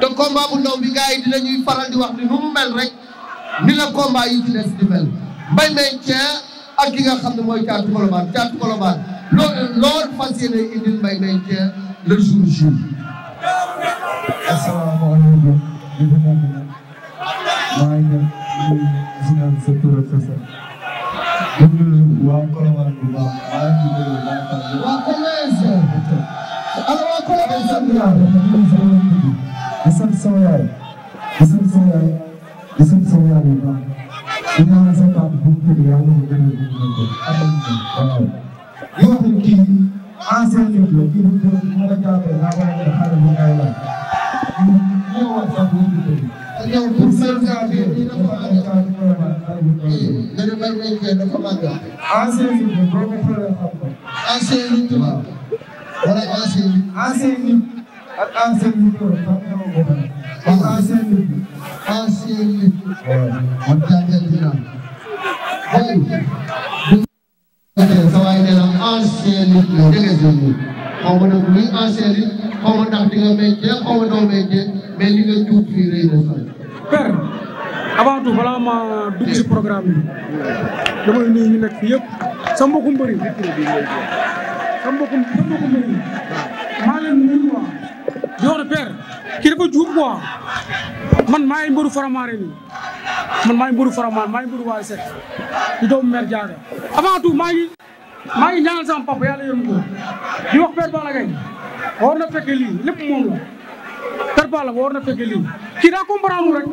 te combat bu ndaw bi gars yi dinañuy faral di wax ni nu mu mel rek ni la combat yi ci des di mel may Dieng ak ki nga xam ne mooy Thiatou Colobane Thiatou Colobane loolu loolu fas yéene may Dieng le jour jour. di sant sama yaay di sant sama yaay di sant sama yaay bu baax di ñaanal sama papa bu mu tëdd yàlla mu gën a gën ko amal ko waaw. li wax ni kii ancien nit la kii bu ko mu la jàppee naa war a jël xale bu ngay laaj. ñu ñëwaat sax bu mu tëdd. ñëw pour seen janvier ñu ne ko amee xale bu koy laaj xale bu koy laaj. nga ne mel nañ kay dafa màgg. ancien nit la boo ko xoolee xam ko. ancien nit la. wala ancien nit. ancien nit ak ancien nit la. yelli on jaajëfal dina sa waay ne la ancien nit la dégg nga xaw ma nag luy ancien nit xaw ma ndax di nga métier xaw ma doo métier mais li nga juub fii rëy na père avant tout balaa ma dugg ci programme bi dama nuyu ñu nekk fii yëpp sa mbokku mbëri sa mbokku sa mbokku mbëri maa leen nuyu quoi. yow père kii dafa juub quoi. man maa ngi mbëru faramaare nii man maa ngi mbëru faramaare maa ngi mbëru waay set di doomu mère Diaga avant tout maa ngi maa ngi ñaanal sama papa yàlla yërëm ko di wax Père Balla Gaye war na fekke lii lépp moom la Père Balla war na fekke lii kii daa comprendre rek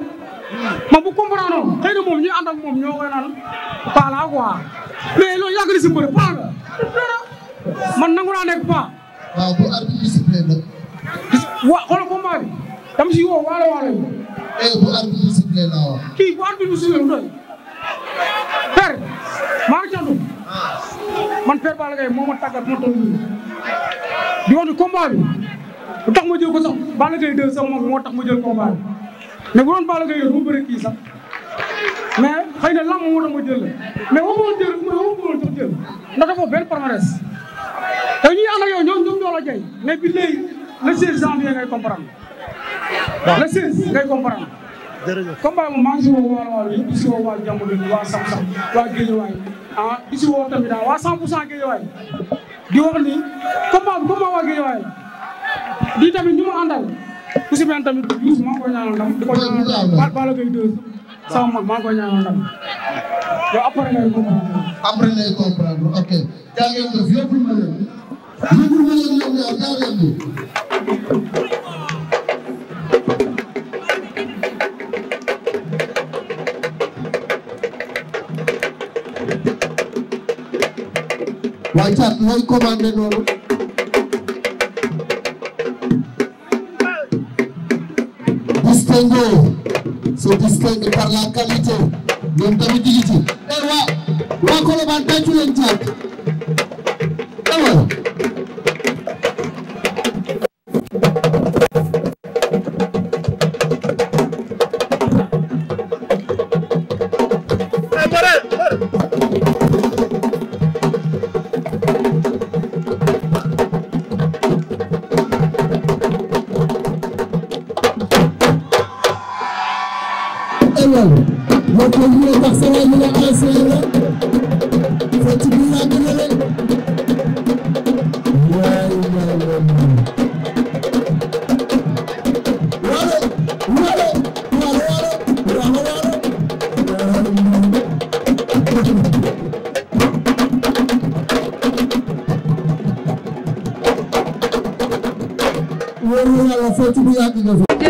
man bu comprendre noonu na moom ñu ànd moom ñoo koy naan Palla quoi mais loolu yàgg na si man nangu nekk Palla. wa xoolal combat bi dama si woo waalo tey bu arbitre bi sifflé laa wax. kii bu arbitre doy. per maa ngi man per Balla moo ma tàggat ma toll nii. di wax ni combat ma jël ko sax Balla Gaye 2 sax moom moo tax ma jël combat bi mais bu doon Balla Gaye yor bu bëri kii sax mais xëy na lamb ma jël la mais woo ko jël mais woo ko woon sax jël ndax dafa benn palmarès te ñuy ànd ak yow ñoom ñoom ñoo la jay mais bi léegi le 16 janvier ngay comprendre. le 16 ngay comprendre. jërëjëf combat bi maa ngi si woo waa Waalo yëpp di si woo waa Jàmm bi waa Sam Sam waa Géejawaay ah di si woo tamit waa 100 pour cent Géejawaay di wax ni combat bi combat waa Géejawaay di tamit ñu ma àndal ku si mel tamit Youssou maa ngi koy ñaanal ndam di ko ñaanal Balla Gaye 2 sama mag maa ngi koy ñaanal ndam yow après ngay comprendre. après ngay comprendre ok. jaa ngeen def yëpp lu ma leen. yëpp lu ma leen ñoom ñaar jaa ngeen def. waaye caat looy commandé noonu distingué se distingue par la qualité ñoom tamit digg ci. tey waa waa Colobane tàccu Yàlla fecc bu yàgg nga fi